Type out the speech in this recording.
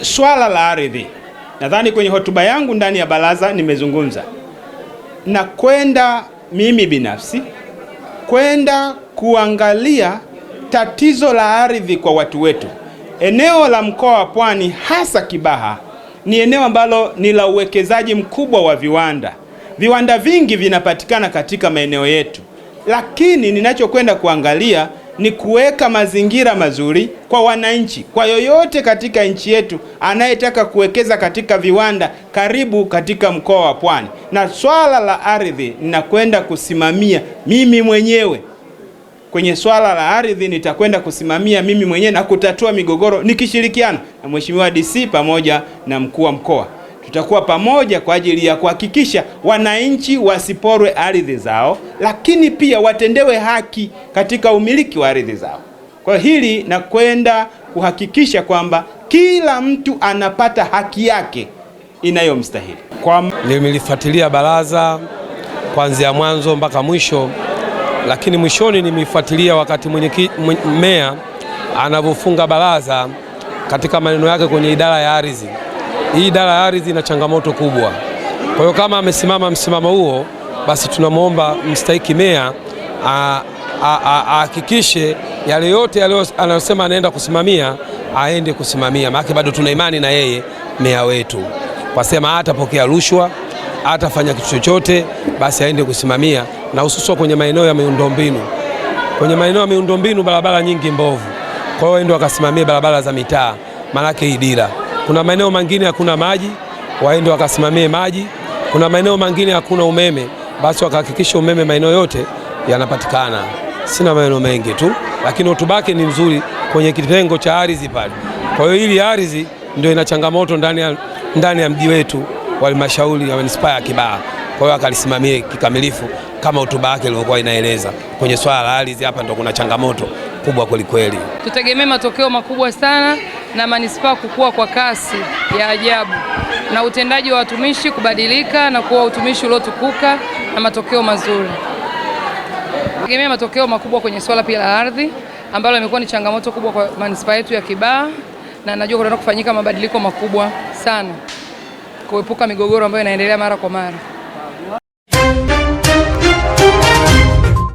swala la ardhi, nadhani kwenye hotuba yangu ndani ya baraza nimezungumza na kwenda mimi binafsi kwenda kuangalia tatizo la ardhi kwa watu wetu. Eneo la mkoa wa Pwani hasa Kibaha ni eneo ambalo ni la uwekezaji mkubwa wa viwanda. Viwanda vingi vinapatikana katika maeneo yetu, lakini ninachokwenda kuangalia ni kuweka mazingira mazuri kwa wananchi, kwa yoyote katika nchi yetu anayetaka kuwekeza katika viwanda karibu katika mkoa wa Pwani. Na swala la ardhi ninakwenda kusimamia mimi mwenyewe kwenye swala la ardhi nitakwenda kusimamia mimi mwenyewe na kutatua migogoro nikishirikiana na Mheshimiwa DC pamoja na mkuu wa mkoa tutakuwa pamoja kwa ajili ya kuhakikisha wananchi wasiporwe ardhi zao, lakini pia watendewe haki katika umiliki wa ardhi zao. Kwa hili na kwenda kuhakikisha kwamba kila mtu anapata haki yake inayomstahili. Kwa nimelifuatilia baraza kuanzia mwanzo mpaka mwisho, lakini mwishoni nimeifuatilia wakati mwenye meya anavyofunga baraza katika maneno yake kwenye idara ya ardhi hii idara ya ardhi ina changamoto kubwa. Kwa hiyo kama amesimama msimamo huo, basi tunamwomba mstahiki meya ahakikishe yale yote anayosema anaenda kusimamia aende kusimamia, maana bado tuna imani na yeye meya wetu, kwasema hatapokea rushwa, atafanya kitu chochote, basi aende kusimamia, na hususan kwenye maeneo ya miundombinu. Kwenye maeneo ya miundombinu barabara nyingi mbovu, kwa hiyo ndio akasimamia barabara za mitaa, maanake hii dira kuna maeneo mengine hakuna maji, waende wakasimamie maji. Kuna maeneo mengine hakuna umeme, basi wakahakikisha umeme maeneo yote yanapatikana. Sina maeneo mengi tu, lakini utubake ni mzuri kwenye kitengo cha ardhi pale. Kwa hiyo hili ardhi ndio ina changamoto ndani ya, ndani ya mji wetu wa halmashauri ya manispaa ya Kibaha. Kwa hiyo akalisimamie kikamilifu kama hotuba yake ilivyokuwa inaeleza kwenye swala la ardhi. Hapa ndo kuna changamoto kubwa kwelikweli, tutegemee matokeo makubwa sana na manispaa kukua kwa kasi ya ajabu na utendaji wa watumishi kubadilika na kuwa utumishi uliotukuka na matokeo mazuri. Tegemea matokeo makubwa kwenye swala pia la ardhi ambalo imekuwa ni changamoto kubwa kwa manispaa yetu ya Kibaha, na najua kutaenda kufanyika mabadiliko makubwa sana kuepuka migogoro ambayo inaendelea mara kwa mara.